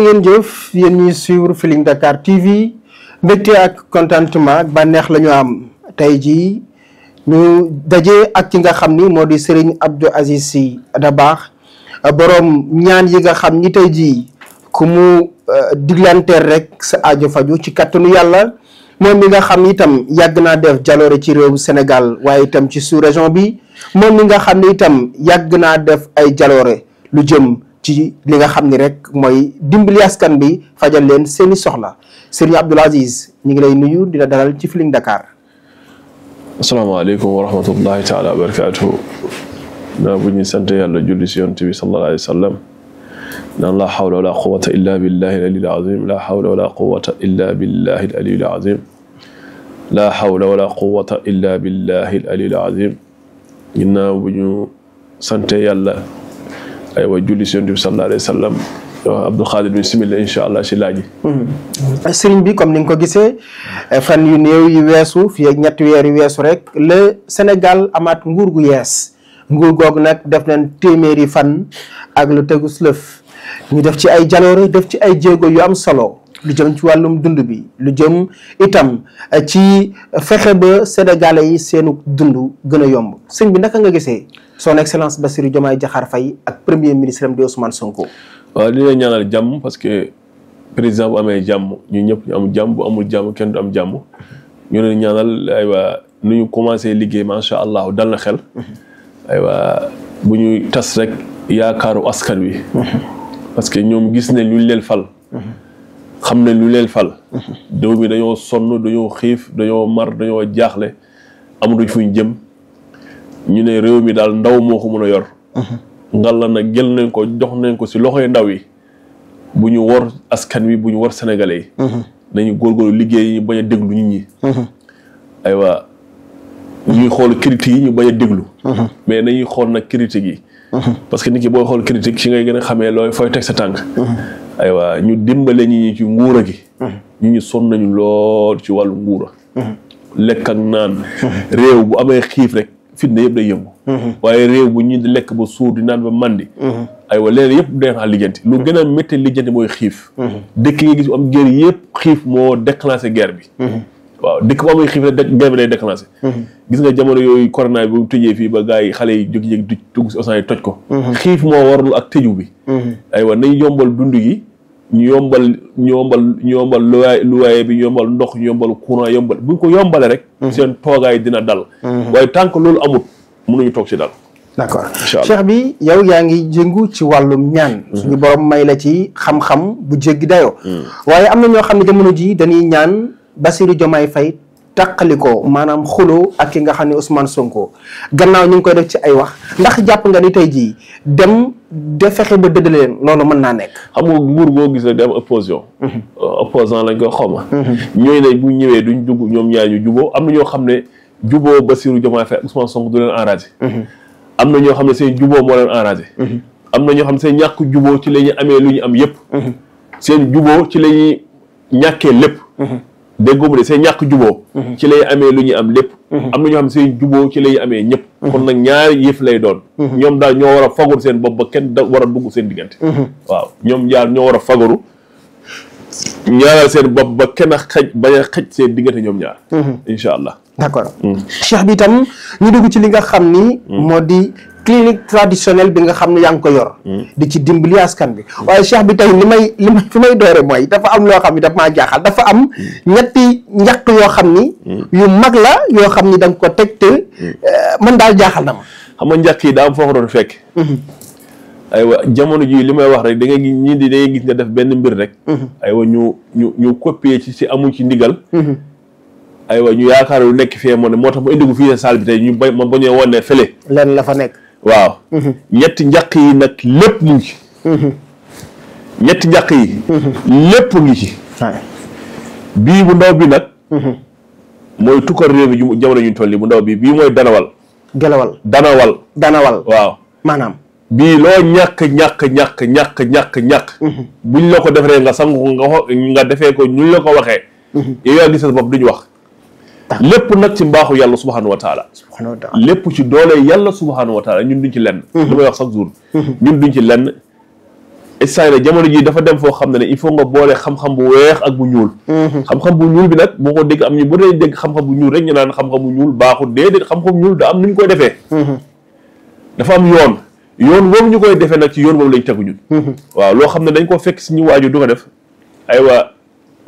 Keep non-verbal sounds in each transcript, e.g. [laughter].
ngeen jëf yéen ñuy suivre Feeling Dakar TV mbégte ak contentement ak bànneex la am tey jii ñu daje ak ki nga xam ni moo di Serigne Abdou Aziz Sy Dabakh boroom ñaan yi nga xam ni tey jii ku mu euh, diglanteer rek sa aajo faju ci kattanu yàlla moom mi nga xam itam yàgg naa def jaloore ci réewu Sénégal waaye itam ci sous-région bi moom mi nga xam ni itam yàgg naa def ay jaloore lu jëm ci li nga xam ni rek mooy dimbali askan bi fajal leen seeni soxla Serigne Abdoul Aziz ñu ngi lay nuyu di la dalal ci Feeling Dakar. asalaamaaleykum wa rahmatullahi taala wa barakaatuhu. naa bu ñu sant yàlla julli si yonent bi sallallahu alayhi wa sallam. naan laa hawla wala quwwata illa billahi al aliyyil azim laa laa hawla wala quwata illa billahi al alil azim ginnaaw bu ñu sante yàlla ay wa julli si yonent bi sallallahu alayhi wa sallam waaw Abdou Khadir bismillah incha allah si laaj yi. Mm-hmm. bi comme ni nga ko gisee fan yu néew yu weesu fii ak ñetti weer yu weesu rek le Sénégal amaat nguur gu yees nguur googu nag def nañ téeméeri fan ak lu tegu lëf ñu def ci ay jaloore def ci ay jéego yu am solo lu jëm ci wàllum dund bi lu jëm itam eh, ci fexe ba sénégalais yi seenu dund gën a yomb sëñ bi naka nga gisee son excellence Bassirou Diomaye Diakhar Faye ak premier ministre am de Ousmane Sonko. waaw li lay ñaanal jàmm parce que président bu amee jàmm ñu ñëpp ñu am amul jàmm kenn du am ñu leen ñaanal nu ñu commencé liggéey macha allah dal na ñu tas rek yaakaaru askan wi mm-hmm. parce que ñoom gis ne lu leen fal. Mm-hmm. xam ne lu leen fal. dëw bi dañoo sonn dañoo xiif dañoo mar dañoo jaaxle amatuñ fuñ jëm ñu ne réew mi daal ndaw moo ko mën a yor. ngalla nag jël nañ ko jox nañ ko si loxo loxoy ndaw yi bu ñu wor askan wi bu ñu wor sénégalais yi. nañu góorgóorlu liggéey yi bañ a déglu nit ñi. aywa ñuy xool critique yi ñu bañ a déglu. mais nañuy xool nag critique yi. parce que nit ki booy xool critique si ngay gën a xamee looy fooy teg sa tànk. aywa ñu dimbale ñu ci nguura gi. ñu hmm. ñu sonn nañu lool ci wàllu nguura. Hmm. lekk ak naan. Hmm. réew bu amee xiif rek fitna yëpp day yëngu. waaye réew bu ñu di lekk ba suur di naan ba mandi. aywa léeg yëpp day xaar lijjanti lu gën a métti lijjanti mooy xiif. dëkk yi nga gis bu am yëpp xiif moo déclenché guerre bi. waaw dëkk bu amee xiif rek guerre nga jamono yooyu corona bi fii ba gars yi xale yi jóg-jóg dugg si osan yi toj ko. xiif moo warul ak tëju bi. aywa nañ yombal dund gi. ñu yombal ñu yombal ñu yombal luwaay luwaay bi ñu yombal ndox ñu yombal courant yombal bu ñu ko yombalee rek. Mhm. seen toogaay dina dal. Mhm. waaye tant que loolu amut mënuñu toog si dal. d' accord cheikh bi yow yaa ngi jëngu ci wàllum ñaan mhm. suñu borom may la ci xam-xam bu jéggi dayoo waaye am na ñoo xam ne a ji dañuy ñaan Bassirou Diomaye fay tàqalikoo maanaam xuloo ak ki nga xam ne Ousmane Sonko gannaaw ñu ngi koy def ci ay wax ndax jàpp nga ni tey jii dem de fexe ba dëdd leen loolu mën naa nekk. xam nga nguur boo gis rek day am opposition. Mhm. opposant lañ koy xawma. Mhm. ñëwee duñ dugg ñoom ñaar juboo am na ñoo xam ne juboo Bassirou Diomaye Faye ak Ousmane Sonko mhm. am na ñoo xam ne seen juboo moo leen enragé. am na ñoo xam ne seen ñàkk juboo ci la amee lu ñu am yëpp. seen juboo ci la ñuy ñàkkee lépp. déggoo mu ne seen ñàkk juboo mhm. ci lay amee lu ñuy am lépp mhm. am na ñoo xam seen juboo ci lay amee ñëpp mhm. kon nag ñaari yëf lay doon ñoom daal ñoo war a fagaru seen bopp ba kenn da war a dugg seen diggante waaw ñoom ñaar ñoo war a fagaru ñaaral seen bopp ba kenn xaj bañ a xaj allah d' accord bi itam ñu dugg ci li nga xam ni moo di clinique traditionnelle bi nga xam ne yaa ngi ko yor. Hmm. di ci dimbali askan bi. waaye cheikh bi tey li may li may fi may doore mooy dafa am loo xam ne dafa maa jaaxal dafa am hmm. ñetti njaq yoo xam ni. Hmm. yu mag la yoo xam ni da ko teg te eh, man daal jaaxal na xam nga njaq yi daa foo ko doon fekk. aywa jamono ji li may wax rek da nga gis ñii di da gis nga def benn mbir rek. aywa ñu ñu ñu copier ci si amuñ ci ndigal. aywa ñu yaakaar lu nekk fii moo ne moo tax mu indi ko fii sa salle bi tey ñu bañ ma bañoo woon ne lenn la fa nekk. waaw mhm. ñetti njaq yi nag lépp mu ngi ci mhm. ñetti njaq yi mhm. lépp ngi ci bii bu ndaw bi nag mooy tukkal réew mi jamono ñu toll nii bu ndaw bi bii mooy danawal gelawal danawal danawal waaw maanaam bii loo ñàkk ñàkk ñàkk ñàkk ñàkk ñaq bu ñu ko defaree nga sangu ko nga nga defee ko ñu la ko waxee yow yaa gis sa bopp wax lépp nag ci mbaaxu yàlla subhanahu wa taala lépp ci doole yàlla subhanahu wa taala ñun duñ ci lenn mhm. li may wax chaque jour mhm. ñun duñ ci lenn instant jamono jii dafa dem foo xam ne ne il faut nga boolee xam-xam bu weex ak bu ñuul mhm. xam-xam bu ñuul bi nag boo ko dégg am ñu bu dee dégg xam-xam bu ñuul rek ñu naan xam-xam bu ñuul baaxul déedéet xam-xam bu ñuul da am nu ñu koy defee dafa am yoon yoon boobu ñu koy defee nag ci yoon boobu lañ tegu ñun waaw loo xam ne dañ koo fekk si ñu waaju du ko def ay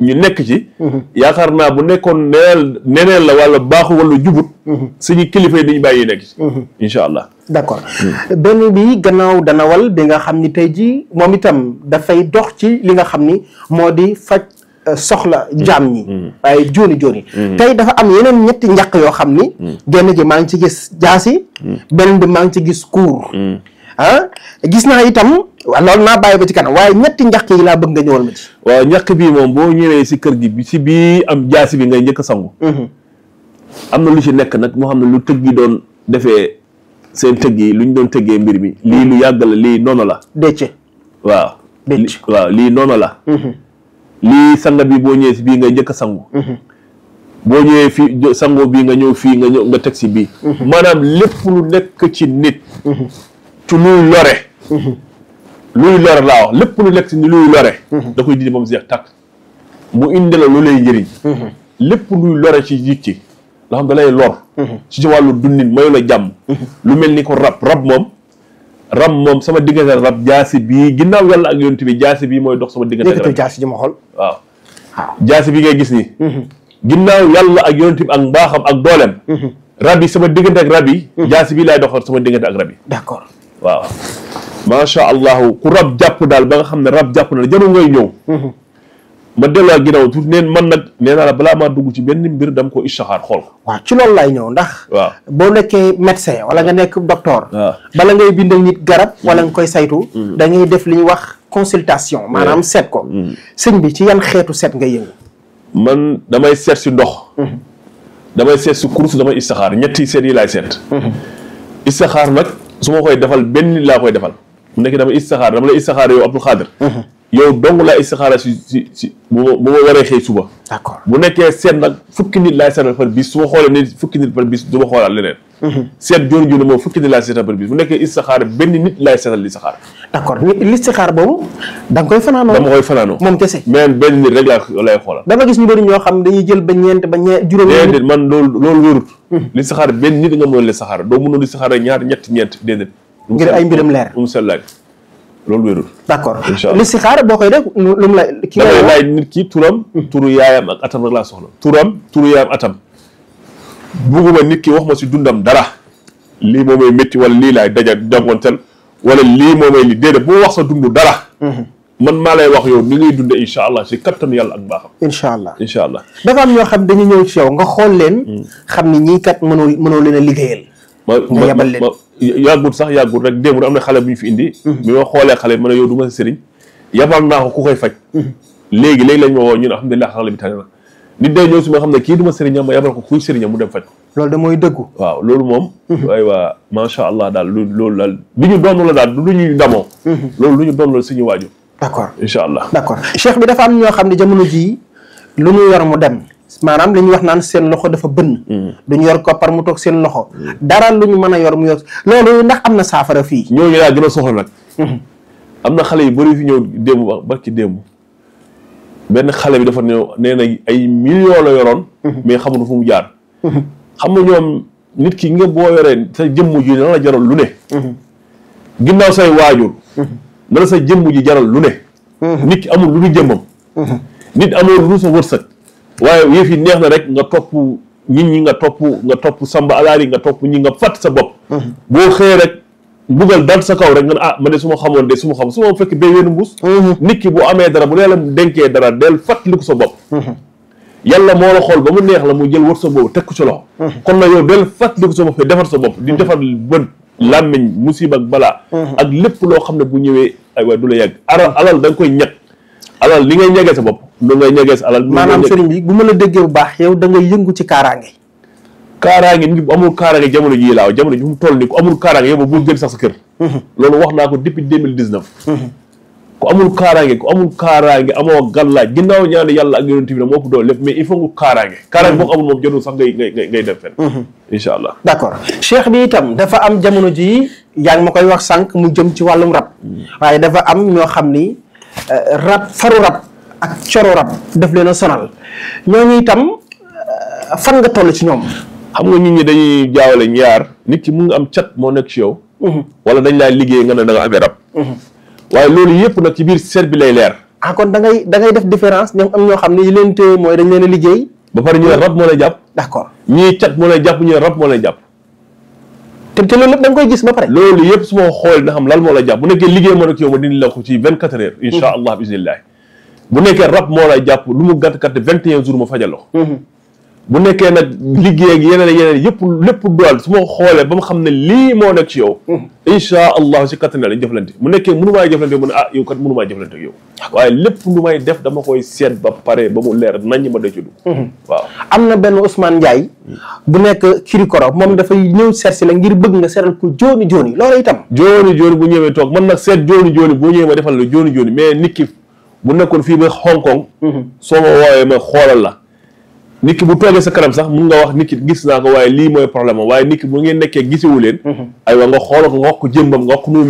ñu nekk ci mhm. yaakaar naa bu nekkoon neneel la wala baaxu walla jubut mhm. suñu kilifa di dañu bàyyi nekk ci mhm. incha allah d' accord hmm. benn bi gannaaw danawal bi nga xam ni tey ji moom itam dafay dox ci li nga xam ni moo di faj euh, soxla hmm. jaam ñi waaye hmm. jooni jooni tey dafa am yeneen ñetti njaq yoo xam ni genn gi maa ngi ci gis jaasi beneen bi maa ngi ci gis kuur ah, gis naa itam waaw loolu naa bàyyi ba ci kanam waaye ñetti njaq yi laa bëgg nga ñëwal ma ci waaw njaq bii moom boo ñëwee si kër gi bi si bii am jaasi bi ngay jëkk a sangu mhm. am na lu ci nekk nag moo xam ne lu tëgg doon defee tëgg yi doon tëggee mbir mi lii lu yàgg la lii noonu la waaw lii noonu la mhm. lii sanga boo ñëwee si bii ngay njëkk a sangu mhm. ñëwee fii sangoo bii nga ñëw fii nga ñëw nga teg si bii maanaam lépp lu nekk ci nit ci luy lore luy lore laa wax lépp lu nekk si ni luy lore. Mhm. da koy dindi moom jeex tàkk. mu indi la lu lay njëriñ. Mhm. lépp luy lore ci nit ki. da lay lor. Mhm. ci ci wàllu dundin mayu la jàmm. lu mel ni ko rab rab moom. rab moom sama diggante rab jaasi bii ginnaaw yàlla ak yonent bi jaasi bii mooy dox sama diggante. yëkkatil jaasi ji ma bi ngay gis nii. ginnaaw yàlla ak yonent ak mbaaxam ak dooleem. rab yi sama diggante ak rab yi. jaasi bii laay doxal sama diggante ak rab yi. d'accord macha allahu ku rab jàpp daal ba nga xam ne rab jàpp na la jarul ngay ñëw. Mhm. ma delluwaat ginnaaw tuuti neen man nag nee naa la maa dugg ci benn mbir dam ko istixaar xool ko. waaw ci loolu laay ñëw ndax. waaw boo nekkee médecin wala nga nekk docteur. bala ngay bindal nit garab mhm. wala koy saytu. Mhm. da def li ñuy wax consultation. maanaam seet ko. ci yan xeetu seet nga man damay seet si ndox. damay seet damay istixaar ñetti seet yi laay nag su ma koy defal benn laa koy defal. mu nekk dama istixaar dama la istixaar yow Abdou Khadir yow dong laa istixaara si si si bu ma bu ma waree xëy suba d'accord bu nekkee seet nag fukki nit laay seetal par bis su ma xoolee nit fukki nit par bis du ma xoolaat leneen seet jooni jooni moom fukki nit laay seetal par bis bu nekkee istixaara benn nit laay seetal l'istixaara d'accord l'istixaar boobu da nga koy fanaanoo dama koy fanaanoo moom kese mais benn nit rek laa lay xoolal da nga gis ñu bëri ñoo xam dañuy jël ba ñeent ba ñeent juróom déedéet man loolu loolu wérut l'istixaara benn nit nga mën l'istixaara doo mënoon l'istixaara ñaar ñett ñeent déedéet ngir ay mbiram leer. musal laaj la. ki nga laaj nit ki turam. turu yaayam ak atam ki wax ma si dundam dara. lii moomay métti wala lii laay daja jànkuwanteel wala lii moomay li déedéet boo wax sa dund dara. Mm-hmm. man maa lay wax yow ni ngay dundee incha allah si kattanu yàlla ak baaxam. incha allah incha ñoo xam dañu ñëw ci nga xool leen. Mm. xam ni ñii kat mënoo leen a liggéeyal. yàggul sax yàggul rek démb am na xale bu ñu fi indi. Mhm. bi ma xoolee xale bi ma ne yow du ma sëriñ yabal naa ko ku koy faj. Mhm. léegi léegi lañ ma woo ñun alhamdulilah xale bi tane na nit day ñëw si ma xam ne kii du ma sëriñam ma yabal ko kuy sëriñam mu dem faj loolu da mooy dëggu. waaw loolu moom. Mhm. aywa macha allah daal lu loolu daal li ñu doon la daal lu ñuy damoo. loolu lu ñu doon la suñu waajur. d' accord incha allah d' accord cheikh bi dafa am ñoo xam ne jamono jii lu mu yor mu dem. maanaam li ñu wax naan seen loxo dafa bënn hmm. duñu yor koppar mu toog seen loxo dara lu ñu mën a yor mu yor loolu ndax am na saafara fii ñoo laa gën a soxla nag hmm. am na xale yu bëri fi ñëw démb ba ci démb xale bi dafa ñëw nee na ay millions la yoroon hmm. mais xamul fu mu jaar xam nga ñoom nit ki nga boo yoree sa jëmm ji na la lu ne ginnaaw say waajur na sa jëmm ji jaral lu ne nit ki amul lu du jëmmam nit amul lu sa wërsëg waaye yëf fi neex na rek nga topp nit ñi nga topp nga topp samba alaari nga topp ñi nga fàtt sa bopp boo xëyee rek mbugal dal sa kaw rek nga ne ah ma ne su ma xamoon de su ma xam su ma fekk bee weenu mbuus nit ki bu amee dara bu yàlla denkee dara del fàttaliku sa bopp yàlla moo la xool ba mu neex la mu jël wërsëg boobu teg ko ci loxo kon na yow del sa bopp defar sa bopp di defar bët làmmiñ musiba ak balaa ak lépp loo xam ne bu ñëwee ay waay du la yàgg alal da nga koy ñag alal li ngay ñegee sa bopp mu ngay ñegees alal. maanaam sëriñ bi bu ma la déggee bu baax yow da ngay yëngu ci kaaraange. kaaraange nit bu amul kaaraange jamono jii laaw jamono ji mu toll nii ku amul kaaraange yow boo génn sax sa kër. Mhm. loolu wax naa ko depuis deux mille dix neuf. Mhm. ku amul kaaraange ku yàlla ak yonent moo ko lépp mais il faut nga kaaraange kaaraange boo ko amul moom jotul sax ngay ngay dem fen mhm. incha allah d' accord bi itam dafa am jamono ji yaa ngi ma koy wax sànq mu jëm ci wàllum rab mm. waaye dafa am ñoo xam ni euh, rab faru rab ak coro rab def leen a sonal ñooñu itam euh, fan nga toll ci ñoom. xam nga nit ñi dañuy jaawale ñaar nit ki mun nga am cat moo nekk ci yow. Mhm. wala dañ laay liggéey nga ne da nga amee rab. Mhm. waaye loolu yëpp nag ci biir seet bi lay leer. ah kon da ngay da ngay def différence ñoom am ñoo xam ne yi leen téye mooy dañ leen liggéey. ba pare ñu rab moo lay jàpp. d'accord ñii cat moo lay jàpp ñu ne rab moo lay jàpp. te te loolu lépp da koy gis ba pare. loolu yëpp bu nekkee rab moo lay jàpp lu mu gàtt gàtt vingt et un jours ma fajaloo mhm. bu nekkee nag liggéey yeneen yeneen yëpp lépp dool su ma xoolee ba mu xam ne lii moo nekk ci yow mhm. insha allah mu nekkee mënu maay jëflante mu ne ah yow kat waaye lépp lu may def dama koy seet ba pare ba mu leer nañ ma dëcc du mhm. waaw am na benn Ousmane Ndiaye bu nekk Kirikoro moom dafay ñëw seet si la ngir bëgg nga seetal ko jooni jooni loolu itam jooni jooni bu ñëwee toog man nag seet jooni jooni boo ñëwee ma defal la jooni jooni bu nekkoon fii ba Hong Kong. Mhm. soo ma woowee ma xoolal la. nit ki bu toogee sa kanam sax mun nga wax nit gis naa ko waaye lii mooy problème waaye nit ki bu ngeen nekkee gisewu leen. Mhm. aywa nga xoolal ko nga wax ko jëmbam nga wax ko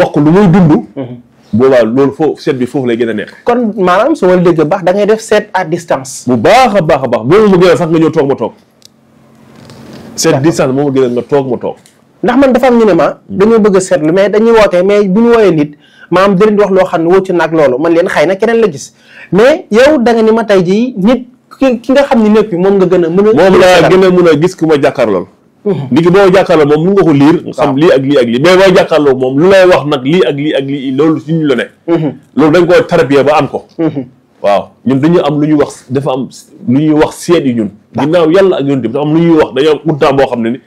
wax ko lu muy dund. Mhm. boobaa loolu foofu seet bi foofu lay gën a neex. kon maanaam su ma la déggee baax da ngay def seet à distance. bu baax a baax a baax boo ma bëggee sax nga ñëw toog ma toog. seet distance moom ma gën a nga toog ma toog. ndax ma. Mm. a maanaam di leen wax loo xam ne wócc na ak loolu man leen xëy na keneen la gis mais yow da nga ni ma tey jii nit ki nga xam ne nekk bi moom nga gën a mën a gën a mën a gis ku ma jàkkaarlool mhm. nit ki boo jàkkaarloo moom mun nga ko liir xam lii ak lii ak lii mais boo moom lu lay wax nag lii ak ak lii loolu suñu la ne mhm. loolu dañ koo tarbiya ba am ko mhm. waaw ñun dañuy am lu ñuy wax dafa am lu ñuy wax seet yi ñun ginnaaw yàlla ak yonent bi dafa lu ñuy wax dañoo am xuddaam boo xam ne ni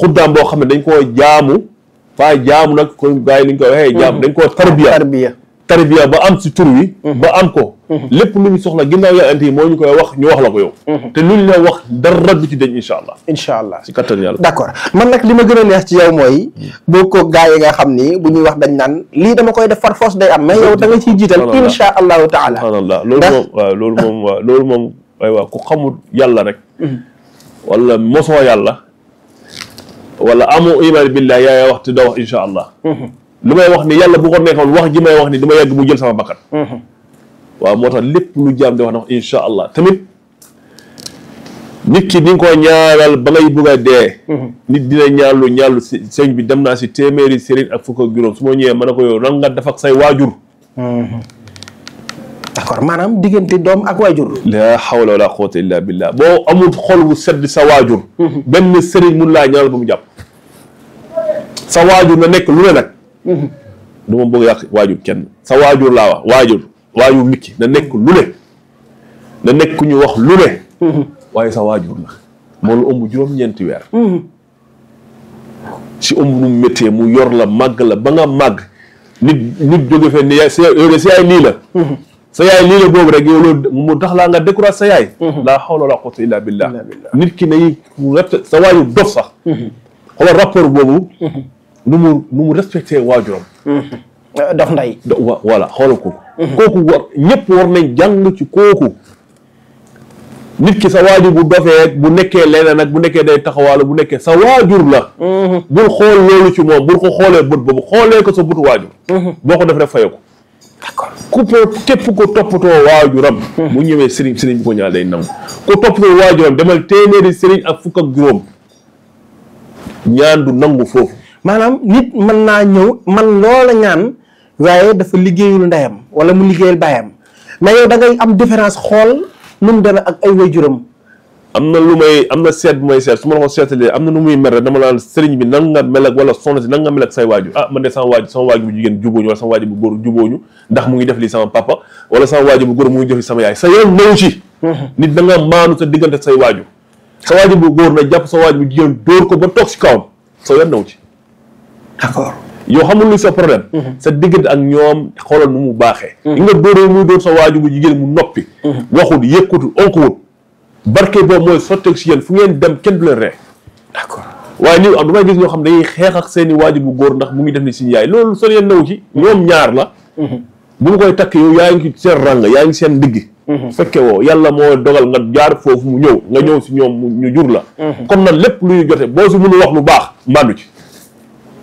xuddaam boo xam ne dañ koo jaamu faa jaam nag kon gars yi ni ñu ko waxee jaam dañ koo tarbiya tarbiya tarbiya ba am si tur mhm. ba am ko mhm. lépp lu ñu soxla ginnaaw yaa ante yi moo ñu koy wax ñu wax la ko yow mhm. te lu ñu la wax dara du ci deñ incha allah allah si kattan yàlla d' accord man nag li ma gën a neex ci yow mooy boo ko gars yi nga xam ni bu ñuy wax dañ naan lii dama koy def far day am mais yow da nga ciy jiital incha allahu taala subhanallah loolu moom waaw loolu moom waaw loolu moom waaw ku xamul yàlla rek wala mosoo yàlla wala amoo imaan billah yaa wax te doo wax incha allah. lu may wax ni yàlla bu ko neexoon wax ji may wax ni dama yàgg mu jël sama bakkan. waaw moo tax lépp lu jaam di wax na wax incha allah tamit nit ki ni ko ñaaral ba ngay bugg a dee. nit dina ñaalu ñaalu sëñ bi dem naa si téeméeri sëriñ ak fukk ak juróom su ma ñëwee mën na ko yow nan nga def say waajur. d'accord maanaam diggante doom ak waajur la hawla wala quwwata illa billah boo amul xol bu sedd sa waajur mhm. benn sëriñ mun laa ñaanal ba mu jàpp sa waajur na nekk lu ne nag mhm. du ma bëgg yàq waajur kenn sa waajur laa wax waajur waajur na nekk lu ne na nekk ñu wax lu ne mhm. waaye sa waajur la moo la ëmb juróom-ñeenti weer si ëmb nu méttee mu yor la màgg la ba nga màgg nit nit jóge ni yow si yaay lii la sa yaay lii la boobu rek yow loolu mu tax laa nga découragé sa yaay mm-hmm. laa hawla wala quwwata illa billah nit ki nañu rep sa waayu dof sax mm-hmm. xoolal rapport boobu mm-hmm. nu mu nu mu respecté waajuram uh, dof nday voilà xoolal kooku kooku war ñëpp war nañ jàng ci kooku nit ki sa waajur bu dofee bu nekkee leneen nag bu nekkee day taxawaalu bu nekkee sa waajur la bul xool loolu ci moom bul ko xoolee bët boobu xoolee ko sa bëtu waajur boo ko def rek faye ku képp ko toppatoo waajuram bu ñëwee sëriñ sëriñ bi ko ñaan day nangu ku toppatoo waajuram demal téeméeri sëriñ ak fukk ak juróom ñaan du nangu foofu maanaam nit mën naa ñëw man loola ñaan waaye dafa liggéeyul ndeyam wala mu liggéeyal baayam mais yow da ngay am différence xool nu mu ak ay waajuram am na lu may am na seet bu may seet su ma la ko seetalee am na nu muy mer dama laal sëriñ bi nan nga mel ak wala soxna si nan nga mel ak say waaju ah man de sama waaju sama waaju bu jigéen jubóoñu wala sama waaju bu góor ndax mu ngi def lii sama papa wala sama waaju bu góor mu ngi def lii sama yaay sa yoon néew ci mm-hmm. nit da sa waaju sa bu góor na jàpp sa waaju bu jigéen dóor ko ba toog si kawam sa yoon néew ci d'accord yow xamul lu sa problème mm-hmm. sa diggante ak ñoom xoolal nu mu baaxee mm-hmm. li nga dóoree muy dóor sa waaju bu jigéen mu noppi waxut yëkkut onkuwut barke boobu mooy sotteeg si yéen fu ngeen dem kenn du leen ree d'accord waaye ni am damay gis ñoo xam ne dañuy xeex ak seen i waajur bu góor ndax mu ngi def ni suñu yaay loolu soo leen naw ci ñoom ñaar la mhm. bu mu koy takk yow yaa ngi seen ràng yaa ngi seen ndigg mhm. fekke woo yàlla moo dogal nga jaar foofu mu nga ñëw si ñoom ñu jur la mhm. kon nag lépp lu ñu jote boo si mënul wax lu baax mbandu ci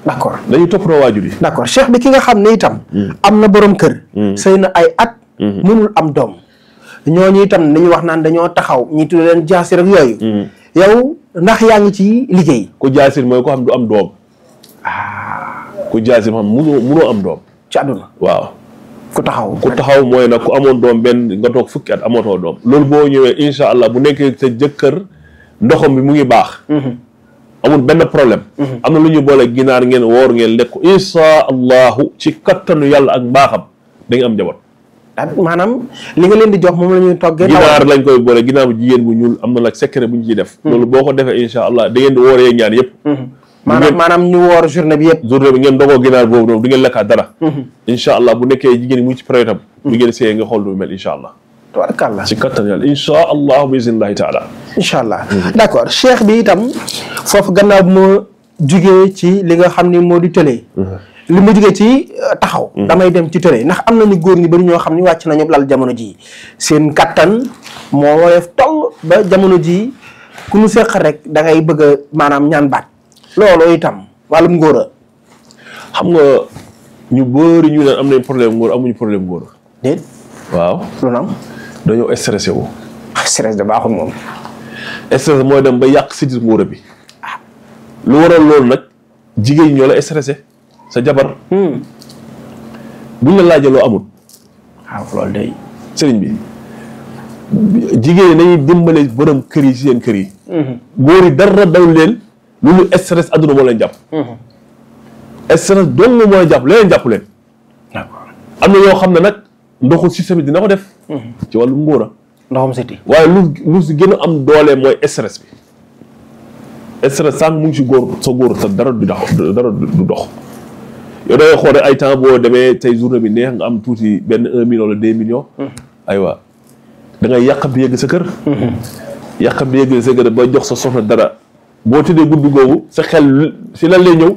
d'accord dañuy toppatoo waajur yi d'accord cheikh bi ki nga xam ne itam mm. am na boroom kër mm. sëy na ay at mm-hmm. mënul am doom ñooñu itam dañu wax naan dañoo taxaw ñi tudd leen jaasir ak yooyu. Mm. yow ndax yaa ngi ci liggéey. ku jaasir mooy ko xam du am doom. Ah. ku jaasir xam munoo munoo am doom. ci àdduna waaw. ku taxaw ku taxaw mooy nag ku amoon doom benn nga toog fukki at amootoo doom. loolu boo ñëwee incha allah bu nekkee sa jëkkër ndoxam bi mu ngi baax. Mm-hmm. amul benn problème. Mm-hmm. am na lu ñu boole ginaar ngeen woor ngeen lekk ko incha allahu ci kattanu yàlla ak mbaaxam da am njaboot. ak ah, maanaam li nga jox moom la toggee. ginaar lañ koy boole ginaar bu jigéen bu ñuul am na nag secret bu ñu def. Hmm. loolu boo ko defee incha allah da ngeen di wooree ñaan yëpp. Hmm. ginaar boobu noonu du ngeen lekkaat dara hmm. incha allah bu nekkee jigéen bu ngeen seeyee nga xool lu mel allah tabarakallah si kattan yàlla allah bi iznillahi allah d' accord bi itam foofu gannaaw bu jugee ci li nga xam ni moo di télé. Mmh. li ma jugee ci euh, taxaw. Mmh. damay dem ci télé ndax am ñu góor ñi bari ñoo xam ni wàcc nañu lal jamono jii seen kattan moo woyof toll ba jamono jii ku ñu seq rek da ngay bëgg a maanaam ñaan baat loolu itam wàllum ngóor a. xam nga ñu bëri ñu naan am nañ problème ngóor amuñu problème ngóor. déet. waaw loolu dañoo stressé wu. stress de baaxul moom. stress mooy dem ba yàq si ngóor bi. lu waral loolu nag jigéen ñi ñoo la stressé sa jabar. Hmm. buñ la laajee loo amul. waaw ah, loolu day sëriñ bi jigéen ñi dañuy dimbale borom kër yi si seen kër yi. Hmm. góor yi dara daw leen lu lu stress adduna moo leen jàpp. Hmm. stress dong moo leen jàpp leneen jàpp leen. am na yoo xam ne nag ndoxu système bi dina ko def. ci wàllu ngóora. ndoxam siti waaye lu lu si gën a am doole mooy stress bi. stress sànq mu ngi si góor sa góor sa dara du dox dara du dox yow da xool ay temps boo demee tey journée bi neex nga am tuuti benn un million wala deux millions. Hmm. aywa da ngay yàq bi yegg sa kër. Hmm. yàq bi yegg sa kër ba jox sa soxna dara boo tëddee guddi googu sa xel si lan lay ñëw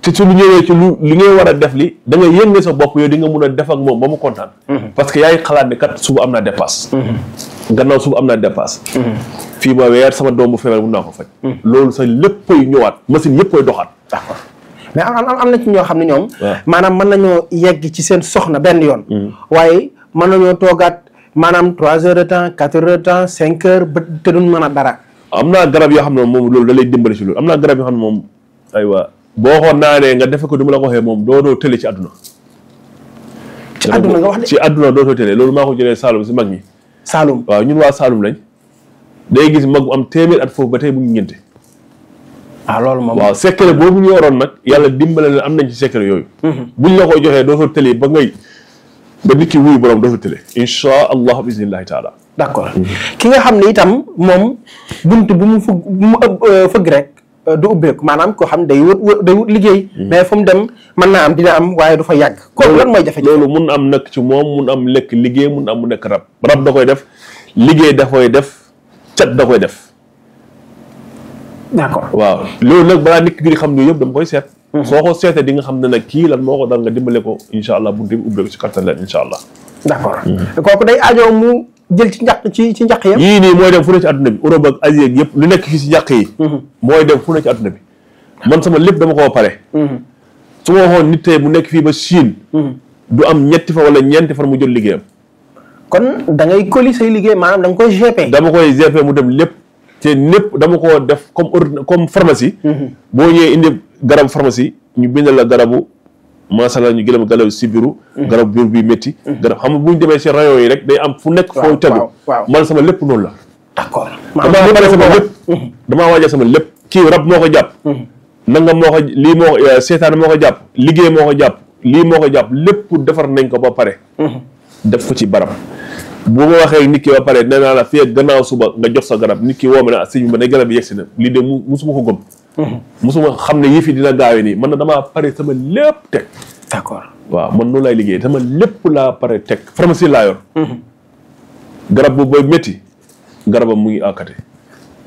te su lu ñëwee ci lu li ngay war a def li da ngay yëngal sa bopp yow di nga mun a def ak ba mu kontaan. Hmm. parce que yaay xalaat ne kat suba am naa dépas gannaaw suba am naa dépasse. Mhm. fii ma weer sama doom bu feebar mun naa ko faj. Mhm. loolu sax léppay ñëwaat machine yëppay doxaat. d'accord mais am xam ne ñoom. maanaam mën nañoo yegg ci seen soxna benn yoon. Mhm. waaye mën nañoo toogaat maanaam trois heures de temps quatre heures de temps a dara. naa garab yoo xam ne moom loolu da lay dimbali si loolu am naa garab yoo xam ne moom aywa boo ko naanee nga defe ko du la ko waxee moom doo doo tële ci àdduna. ci àdduna nga wax de ci àdduna doo tële loolu maa ko jëlee Saloum si mag ñi. Saalum waaw ñun waa Saalum lañ. day gis mag bu am téeméer at foofu ba tey mu ngi ah, loolu moom waaw secret boobu ñu yoroon nag yàlla dimbale na am nañ ci secret yooyu. Mhm. buñ la ko joxee dootoo tëlee ba ngay ba nit ki wuyu borom dootoo tëlee. incha allahu bismillahi taala. d' accord mhm. ki nga xam ne itam moom bunt bu mu fëgg bu mu euh, ëpp rek. Euh, du ubbeeku maanaam koo xam day wut day wut liggéey. Hmm. mais fu mu dem mën naa am dina am waaye du fa yàgg. kooku lan lekk liggéey mun am mu nekk rab. rab da koy def liggéey da koy def cat da koy def. d'accord waaw loolu nag balaa nit ki di xam ne yëpp dama koy seet. Hmm. soo ko seetee di nga xam ne nag kii lan moo ko dal nga dimbale ko incha allah bu dem ubbeeku ci kattan leen incha allah. d'accord hmm. kooku day aajo mu. jël ci njàq ci ci njàq yam yii nii mooy dem fu ne ci adduna bi Europe ak Asie ak yëpp lu nekk fii ci njàq yi mhm. mooy dem fu ne ci adduna bi man sama lépp dama ko pare mhm. su ma waxoon nit tey mu nekk fii ba Chine mhm. du am ñetti fa wala ñeenti fan mu jël liggéeyam kon da ngay colis say liggéey maanaam da nga koy GP dama koy GP mu dem lépp te lépp dama koo def comme comme pharmacie boo ñëwee indi garab pharmacie ñu bindal la garabu masala ñu gëlëm galaw sibiru mm. garab biir bi métti mm. garab xam nga bu ñu demee si rayon yi rek day am fu nekk foo tegu man sama lépp noonu la d'accord damaa waajal sama lépp mm. damaa waajal sama lépp kii rab moo ko jàpp nangam moo lii moo ko euh, seetaan moo ko jàpp liggéey moo ko jàpp lii moo ko jàpp lépp defar nañ ko ba pare mm-hmm. def ko ci barab bu ma waxee nit ki ba pare nee nga jox sa garab nit ki woo ma ne ah, sëñ bi ba ne garab yegsi na lii de musuma ko gëm musuma xam ne yëf yi dina gaawee nii man na damaa pare sama lépp teg. waaw man noonu laay liggéey sama lépp laa pare teg pharmacie laa yor. Mhm. garab bu booy métti garabam mu ngi à côté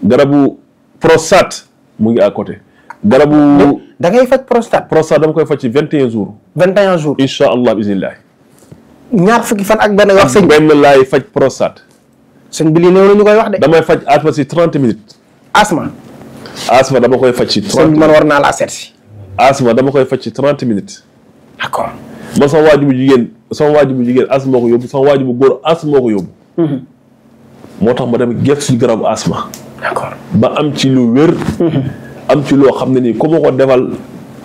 garabu prostate mu ngi à côté. garabu da ngay faj prostate. prostate dama koy faj ci vingt et un jours. vingt et un jours incha allah bisimilah. ñaar fukki fan ak benn wax sëñ benn laay faj prostate. sëñ bi lii néew ñu koy wax de. damay faj asma si trente minutes. asma. asma dama koy faj ci. 30 minutes man war naa laa seet dama koy faj ci 30 minutes. d'accord man sama waaju bu jigéen sama waaju bu jigéen asma moo ko yóbbu sama waaju bu góor asma moo ko yóbbu. Mhm. moo tax ma dem gëstu garabu asma. ba am ci lu wér. Mhm. am ci loo xam ne ni ku ma ko defal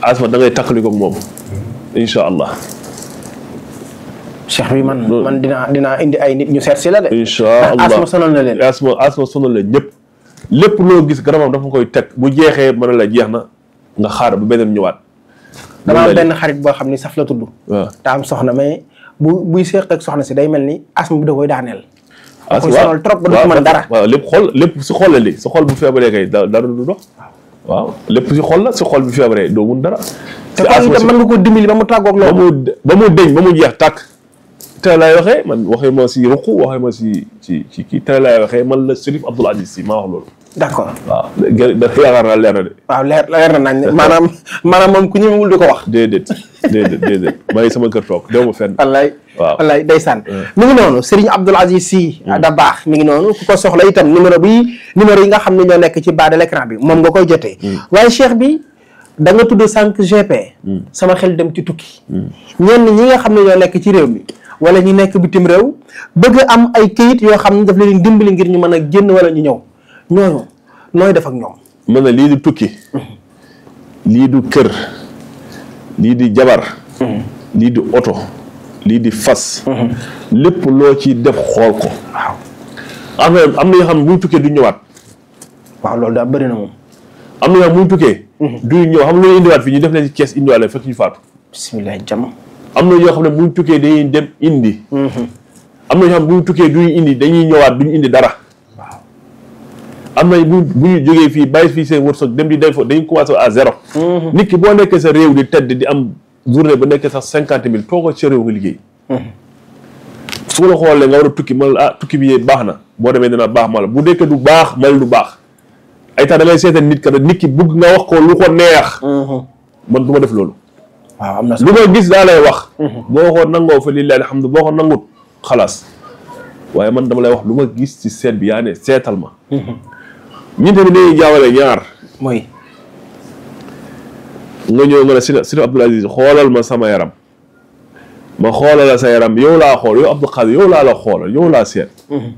asma da ngay takkali moom incha allah. bi man man dinaa dinaa indi ay nit ñu seet si la de. incha allah asma sonal leen asma lépp loo gis garabam dafa koy teg bu jeexee mën la jeex na nga xaar bu beneen ñëwaat. damaa am benn xarit boo xam ni saf la tudd. waaw te am soxna mais bu buy seeq ak soxna si day mel ni asma bi koy daaneel. as waaw sonal trop ba du mën lépp xool lépp si xool la xool bu feebaree kay dara du dox. waaw lépp si xool la si xool bu feebaree doo mun dara. te kon itam nga ko dimbali ba mu tàggoog loolu. ba mu ba mu deñ ba mu jeex tàkk. tey laay waxee man waxee ma si ruqu waxee ma si ci ci kii tey laay waxee man la Serif Abdoul Si maa wax loolu. d' accord waaw gë yaakaar leer na de. leer na maanaam maanaam moom ku ñëwul di ko wax. déedéet déedéet déedéet maa ngi sama kër toog dew ma fenn. wallaay wallaay ndeysaan. Mm. mi ngi noonu Serigne Abdoul si Sy. Mm. da baax mi ngi noonu ku ko soxla itam numéro bi numéro yi nga xam ne ñoo nekk ci bas de l' bi moom nga koy jotee. Mm. waaye cheikh bi da nga tudd sànq GP. sama xel dem ci tukki. ñenn ñi nga xam ne ñoo nekk ci réew mi. wala ñi nekk bitim réew bëgg am ay kayit yoo xam ne daf leen dimbali ngir ñu mën a génn wala ñu ñëw ñooñu nooy def ak ñoom. mën na lii du tukki. lii du kër. lii di jabar. lii di oto. lii di fas. lépp loo ci def xool ko. waaw am na yoo xam ne buy tukkee du ñëwaat. waaw loolu daal bëri na moom. am na yoo xam ne buy tukkee. du ñëw xam nga lu indiwaat fii ñu def leen ci kees indiwaat la fekk ñu faatu. bisimilah jàmm. am na yoo xam ne bu ñu tukkee dañuy am na yoo xam ne indi dañuy ñëwaat duñu indi dara. am na bu bu ñu jógee fii bàyyi fii seen wërsëg dem di day fo dañuy commencé à zéro. Mhm. nit ki boo nekkee sa réew di tedd di am journée ba nekkee sax cinquante mille toogoo sa réew nga liggéey. Mhm. su la xoolee nga war a tukki man a ah tukki bi baax na boo demee dina baax ma bu nekkee du baax mal du baax. ay tax da seetal nit ka nit ki bugg nga wax ko lu ko neex. Mhm. man du def loolu. waaw ah, am na lu ma gis daa lay wax. Mhm. boo ko nangoo fa lillahi alhamdu boo ko nangut xalaas waaye man dama lay wax lu ma gis ci seet bi yaa seetal ma. Mhm. ñun tamit dañuy jaawale ñaar. mooy. nga ñëw nga ne Sida Sida Aziz xoolal ma sama yaram ma xoolal sa yaram yow laa xool yow Abdou laa xoolal yow laa seet. Mhm.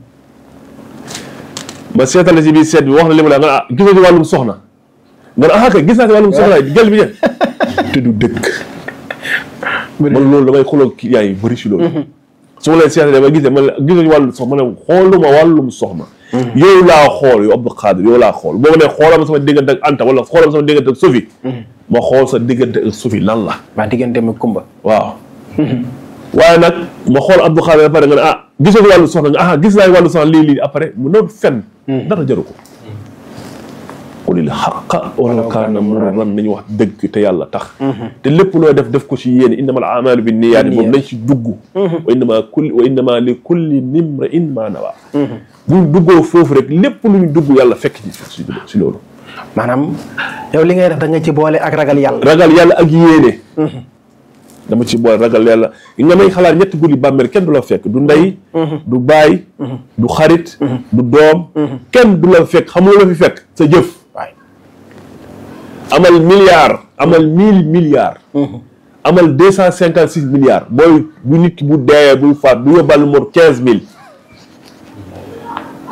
ma seetal la ci biir seet bi wax na li ma la nga ah gisoo ci soxna nga ne ah gis naa ci wàllum soxna gel bi de. [laughs] te du dëkk. man loolu damay xooloo client yi bëri si loolu. Mhm. su ma leen seetlee damay gis ne man gis nañu wàllu soxna ma ne xooluma wàllum soxna. Mhm. yow laa xool yow Abdou Khadir yow laa xool boo ma nee xoolal sama diggante Anta wala xoolal sama diggante ak Sophie. Mhm. ma xool sa diggante ak Sophie lan la. waa diggante ma Kumba. waaw. waaye nag ma xool Abdou Khadir a pare nga ne ah gisoo wàllu soxna nga ah gis naa wàllu soxna lii lii après mu noonu fenn. dara jaru ko. qulil xaqa walaw kaana murran nañu wax dëgg te yàlla tax mm-hmm. te lépp a def def ko ci yéen innama al amalu bi niyaati moom nañ ci dugg mm-hmm. wa innama kulli wa innama li kulli nimri in ma nawa mm-hmm. buñ duggoo foofu rek lépp lu ñu dugg yàlla fekk ci si loolu maanaam yow li ngay def da nga ci boole ak ragal yàlla ragal yàlla ak yéene dama ci boole ragal yàlla nga may xalaat ñetti guddi bàmmeel kenn du la fekk du ndey du baay du xarit du doom kenn du la fekk sa jëf amal milliard amal mille milliards. [laughs] amal cent cinquante six milliards booy bu nit ki bu deewee buy faat bu yóbbaale lu mot quinze mille.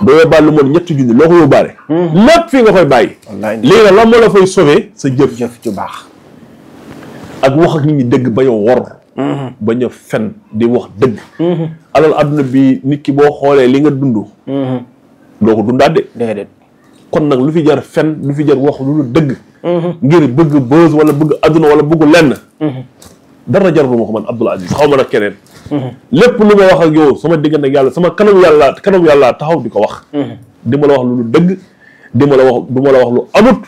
ba yóbbaale lu mot ñetti junni loo ko yóbbaale. Mm-hmm. lépp fii nga koy bàyyi. léegi nag lan moo la fay sauver sa jëf. jëf ju baax. ak wax ak nit dëgg ba yow wor. Mm-hmm. bañ a fen di wax dëgg. Mm-hmm. alal adduna bi nit ki boo xoolee li nga dund. doo ko dundaat de. kon nag lu fi jar fen lu fi jar wax lu dëgg. ngir bëgg buzz wala bëgg adduna wala bëgg lenn. dara jaru ma ko man Abdoul Aziz xaw ma nag keneen. lépp lu ma wax ak yow sama diggante ak yàlla sama kanam yàlla kanam yàlla taxaw di ko wax. di ma la wax lu dëgg di ma la wax du ma wax lu amut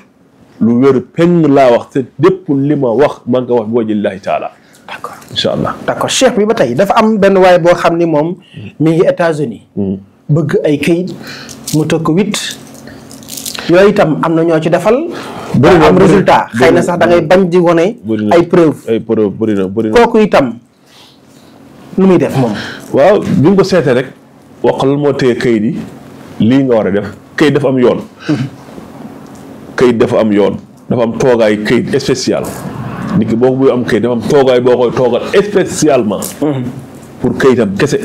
lu wéru peng laa wax te lépp li ma wax man ko wax bi wajhi llaahi taala. d' accord d' accord cheikh bi ba tey dafa am benn waaye boo xam ni moom mi ngi États-Unis hmm. bëgg ay këyit mu tëkk huit yooyu itam am na ñoo ci defal bëri na am résultat xëy na sax dangay ngay bañ di wane. ay preuve ay preuve bëri na bëri na kooku itam lu muy def moom. waaw bi nga ko seetee rek wax lan moo téye kayit yi lii nga war a def kayit dafa am yoon. [laughs] kayit dafa am yoon dafa am toogaay kayit spécial nit ki boo ko buy am kayit dafa am toogaay boo koy toogal spécialement. [laughs] Mhm. pour kayitam kese.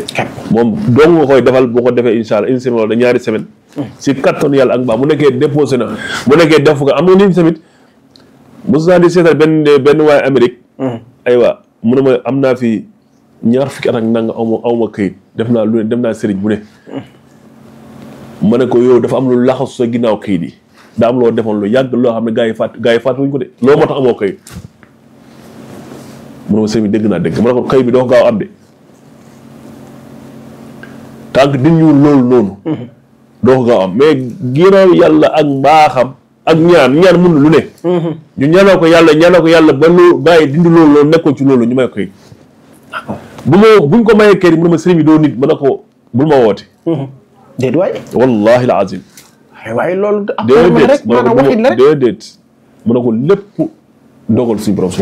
moom dong nga koy defal boo ko defee incha allah une semaine wala ñaari semaine. si kattan yàlla ak mbaa mu nekkee déposé na mu nekkee def ko am na nit tamit mos naa benn waaye Amérique. aywa mu ne ma am naa fi ñaar fukki at ma aw def naa lu ne naa sëriñ bu ne. ma ne yow dafa am lu laxas sa ginnaaw kayit yi daa am loo defoon lu yàgg loo xam ne gaa yi fàtt gaa yi fàttuñu ko de loo moo tax amoo kayit. mu ne ma sëriñ bi dégg naa dégg ma ne ko kayit bi doo gaaw am de. tant que din ñuul loolu noonu doo ko gaaw am mais ginnaaw yàlla ak mbaaxam ak ñaan ñaan mun lu ne ñu ñaanoo ko yàlla ñaanoo ko yàlla ba loolu bàyyi dindi loolu loolu nekkoon ci loolu ñu may koy bu ma buñ ko mayee kër yi mu ne ma sëriñ bi doo nit mën a ko bul ma woote mhm. déet waay wallahi alazim waaye loolu déedéet déedéet mu ne ko lépp dogal suñu borom mhm.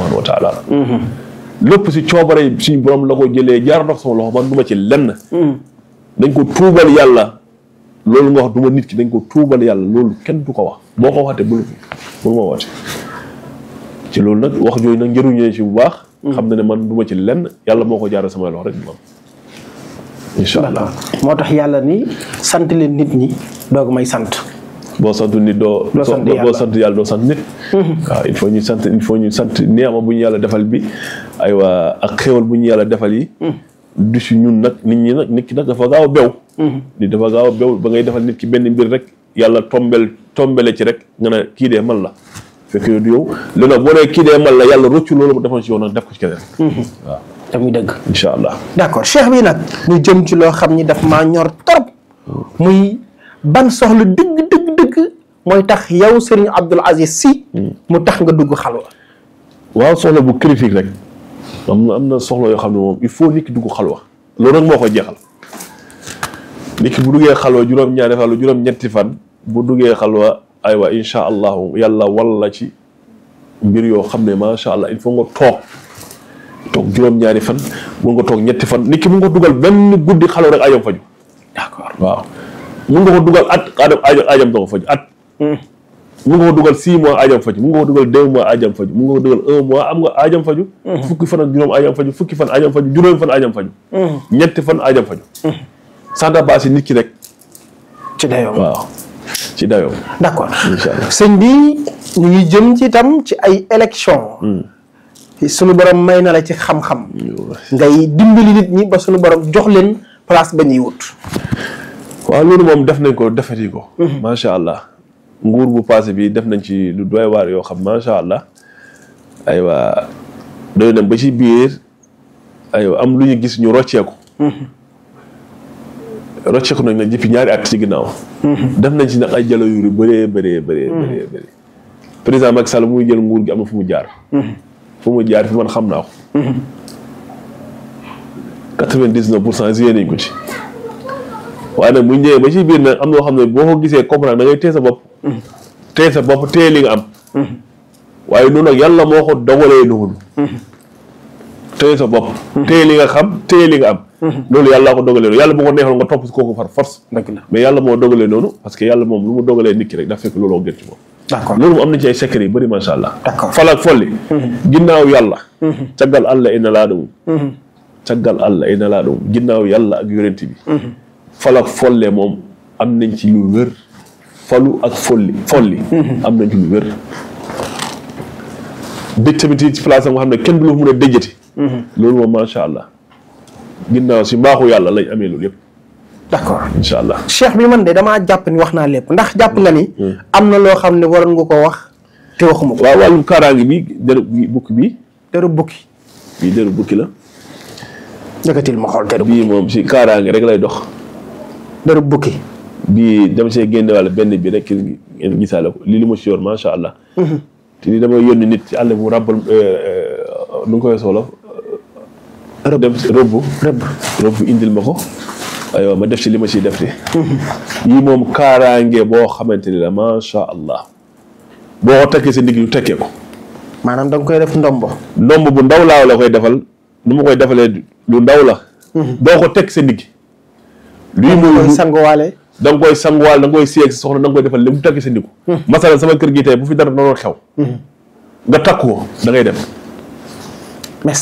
si coobare suñu borom la ko jaar ndox sama loxo man du ma ci lenn mhm. dañ ko tuubal yàlla loolu nga wax duma nit ki dañ ko tuubal yàlla loolu kenn du ko wax boo ko waxatee bul bul ma woote ci loolu nag wax jooju nag njëriñoo ci bu baax. xam ne ne man duma ci lenn yàlla moo ko jaarale samay loxo rek moom. incha allah moo tax yàlla ni sant leen nit ñi doog may sant. boo sant nit doo. doo sant yàlla boo sant yàlla doo sant nit. [laughs] waaw il faut ñu sant il faut ñu sant néema bu ñu yàlla defal bi aywa ak xéwal bu ñu yàlla defal yi. Hmm. du si ñun nag nit ñi nag nit ki nag dafa gaaw a bew mm-hmm. ni dafa gaaw a bew ba ngay defal nit ki benn mbir rek yàlla tombel tombele ci rek nga ne kii de man la fekk yow du yow léegi nag boo kii dee man la yàlla rëccu loolu mu defoon si yow nag def ko ci keneen mm-hmm. waaw te muy dëgg incha allah d'accord cheikh bi nag ñu jëm ci loo xam ni daf maa ñor torop muy ban soxla dëgg dëgg dëgg mooy tax yow Serigne Abdoul Aziz si mm. mu tax nga dugg xalwa waaw soxla bu critique rek am na am na soxla yoo xam ne moom il faut nit ki dugg xalwa loolu nag moo ko jeexal nit bu duggee xalwa juróom-ñaari fan fan bu duggee xalwa aywa incha allahu yàlla walla ci mbir yoo xam ne macha allah il faut nga toog juróom-ñaari fan mun nga toog ñetti fan nit ki mun nga dugal benn guddi xalwa rek ajoom faju d'accord waaw mun nga ko at aajam aajam doo ko faju at mm. mu nga ko dugal six mois aajam faju mu nga ko dugal deux mois aajam faju mu nga ko dugal un mois am nga aajam faju mm-hmm. fukki fan ak juróom aajam faju fukki fan aajam faju juróomi fan aajam faju mm-hmm. ñetti fan aajam faju sanda mm-hmm. baasi nit ki rek ci dayoom waaw ci dayoom d'accord inshallah sëñ bi ñu ngi jëm ci itam ci ay élection mm. suñu borom may na la ci xam-xam ngay dimbali nit ñi ba suñu borom jox leen place ba ñuy wut waaw loolu moom def nañ ko defeti ko masha allah nguur bu passé bi def nañ ci lu doy waar yoo xam macha allah aywa doy na ba ci biir aywa am lu ñu gis ñu rocceeku. rocceeku nañ la jëppi ñaari at ci ginnaaw. def nañ ci nag ay jalo yu bëree bëree bëree bëree bëri. président Macky Sall muy jël nguur gi am na fu mu jaar. fu mu jaar fi man xam naa ko. 99 pour cent yéen ci. waaye nag bu ñu ñëwee ba ci biir nag am na loo xam ne boo ko gisee comprendre da ngay téye sa bopp. téye sa bopp téye li nga am. waaye nun nag yàlla moo ko dogalee noonu. téye sa bopp. téye li nga xam téye li nga am. loolu yàlla ko dogalee noonu yàlla bu ko neexoon nga topp kooku far force. dëgg la mais yàlla moo dogalee noonu parce que yàlla moom lu mu dogalee nit ki rek daf fekk looloo gën ci moom. d' accord loolu moom am na ci ay secret yu bëri macha allah. d' accord fal ginnaaw yàlla. Mhm. caggal àlla ina laa dawul. Mhm. caggal ginnaaw yàlla ak yonent bi. Mhm. fal ak folle moom am nañ ci lu wér. falu ak folli folli mm-hmm. am nañ ci lu wér dëj tamit ci place am nga xam ne kenn du la mën a déjjati mm-hmm. loolu moom macha allah ginnaaw si mbaaxu yàlla lañ amee loolu yëpp d' accord incha allah cheikh mi man de damaa jàpp ni wax naa lépp ndax jàpp nga ni mm-hmm. am na loo xam ne waroon nga ko wax te waxuma ko waaw wàllum kaaraange bi deru bukki bi deru bukki bii deru bukki la njëkkatil ma xool deru bukki bii moom si kaaraange rek lay dox deru bukki bi dama see génne benn bi rek ngeen gisaale ko lii li ma si yor macha allah. Mhm. te lii dama yónni nit ci àll bu ràbbal euh, euh, nu koy soxla. rëbb dem indil ma ko. aywa ma def si li ma ciy def de. Mhm. yii moom kaaraange boo xamante ni la macha allah. boo ko tekkee si ndig yu tekkee ko. maanaam da koy def ndombo. ndombo bu ndaw laaw la koy defal nu ma koy defalee lu ndaw la. Mhm. doo ko sangowaale. da nga koy sanguwaal da nga koy seeg si soxna da nga koy defal li mu takki sa ndiku hmm. masalan sama kër gi tey bu fi dara noonu xew hmm. nga takk ko da ngay dem mes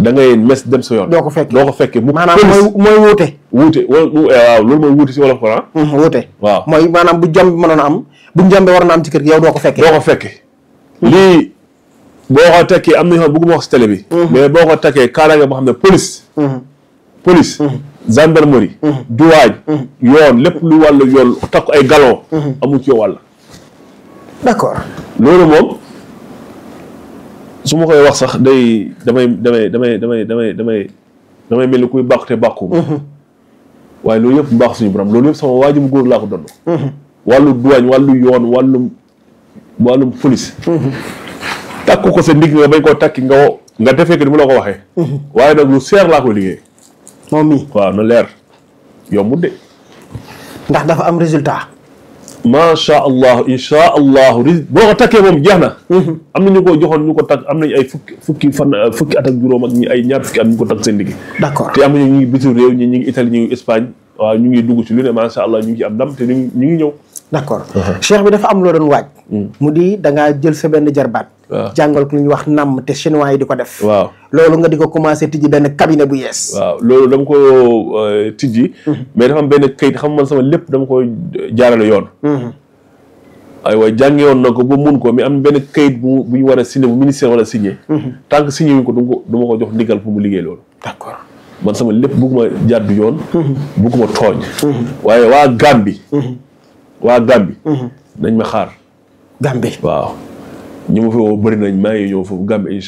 da ngay mes dem sa yoon doo ko fekkee doo ko fekkee maanaam mooy wuute wuute waaw loolu mooy wuute si wolof Coran hmm, wuute waaw mooy maanaam bu jàmb mënoon a am bu jàmbe war na am ci kër gi yow doo ko fekkee doo ko fekkee lii boo ko tekkee am na yoo xam bëgguma wax si télé bi mais boo ko tekkee kaaraange boo xam ne police police gendarmerie. Mhm. duwaañ. Mhm. yoon lépp lu wàllu yoon takk ay galon. Mhm. amu ci wàll. d' accord loolu moom su ma koy wax sax day damay damay damay damay damay damay damay mel ni kuy bàkku te bàkku. waaye loolu yëpp mbaax suñu borom loolu yëpp sama waa ji mu góor laa ko doon. wàllu duwaañ wàllu yoon wàllum wàllum police. takk ko sa ndig nga bañ koo takki nga nga defee ko ni mu la ko waxee. waaye nag lu seer laa koy liggéey. moom ko waaw na leer yombut de. ndax dafa am résultat. macha allah incha allah boo ko takkee moom jeex na. Mhm. am na ñu ko joxoon ñu ko takk am nañ ay fukki fukki fan euh, fukki at ak juróom ak ñi ay ñaar fukki ñu ko takk seen liggéey. te am nañu ñu ngi bitim réew ñi ñu ngi ñu ngi ñu ngi dugg si lu ne macha allah ñu ngi am ndam ñu ngi ñëw. d' accord uh-huh. cheikh bi dafa am loo doon waaj. Hmm. mu da ngaa jël sa benn jarbaat. jàngal ko lu ñuy wax nàmm te chinois yi di ko def. waaw loolu nga di ko commencé tijji benn cabinet bu yees. loolu dama ko euh, tijji. Hmm. mais dafa am benn kayit xam man sama lépp dama ko jaarale yoon. Hmm. aywa jàngee woon na ko ba mun ko mais am benn kayit bu bu ñu war a signé bu ministère war a signé. tant que signé ko du ma ko jox ndigal pour mu liggéey loolu. d' accord man sama lépp bëgguma jàddu yoon. bëgguma tooñ. waaye waa Gàmbi. waa Gambie. Mhm. nañ ma xaar. Gambie waaw. ñi ma bëri nañ maa ngi ñëw foofu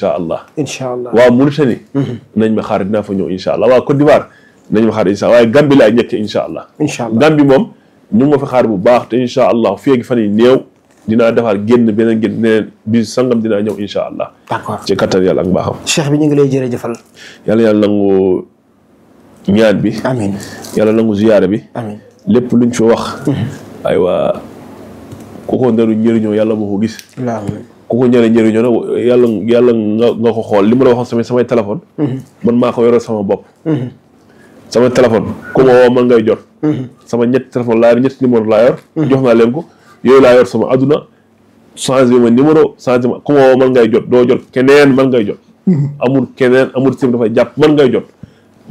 allah. incha allah waa Mauritanie. Mhm. nañ ma xaar dinaa fa ñëw incha allah waa Côte d'Ivoire nañ waaye Gambie laay njëkk incha allah. incha allah Gambie moom ñu ngi ma xaar bu baax te incha allah fii ak fan yii dinaa defar génn beneen génn neneen bi sangam dinaa ñëw incha allah. d'accord ci kattan yàlla ak baaxam. cheikh bi ñu ngi lay jërëjëfal. yàlla yàlla nangu ñaan bi. amiin nangu ziyaara bi. amiin luñ fi wax. Mhm. aywa waa ko naru njëriñoo yàlla moo ko gis. ku ko ñëwee njëriñoo nag yàlla yàlla nga ko xool li ma la wax samay samay téléphone mhm. man maa ko yore sama bopp. Mhm. sama téléphone ku ma man ngay jot. Mhm. sama ñett téléphone laa yor ñetti numéro laa yor. jox naa leen ko yooyu laa yor sama aduna changé ma numéro changé ma ku ma man ngay jot doo jot keneen man ngay jot. amul keneen amut sim dafay jàpp man ngay jot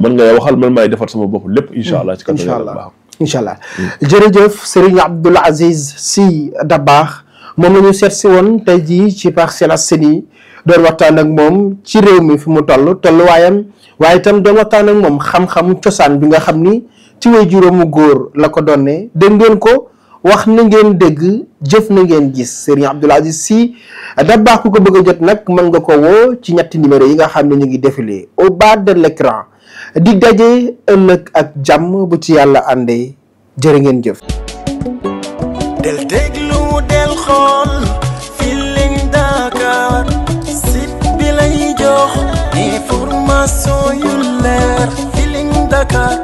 man ngay waxal man maay defar sama bopp lépp incha allah. ci kattan incha allah jërëjëf Serigne Abdoul Aziz Sy Dabakh moom la ñu seet si woon tey jii ci Parcelles Assainies doon waxtaan ak moom ci réew mi fi mu toll tolluwaayam waaye itam doon waxtaan ak moom xam-xam cosaan bi nga xam ni ci way juróomu góor la ko doonee dégg ngeen ko wax na ngeen dégg jëf na ngeen gis Serigne Abdoul Aziz si Dabakh ku ko bëgg jot nag mën nga ko woo ci ñetti numéro yi nga xam ne ñu ngi défilé au bas de l'écran di daje ëllëg ak jàmm bu ci yàlla àndee jërë ngeen jëf. del déglu del xool Feeling Dakar site lay jox information yu leer Feeling Dakar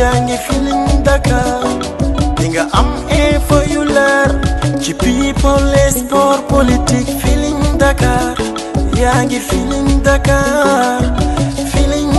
yaa ngi Feeling Dakar di nga am info yu leer ci people et sport politique Feeling Dakar yaa ngi Feeling Dakar.